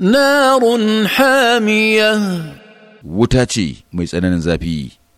نار حامية wuta ce mai tsananin zafi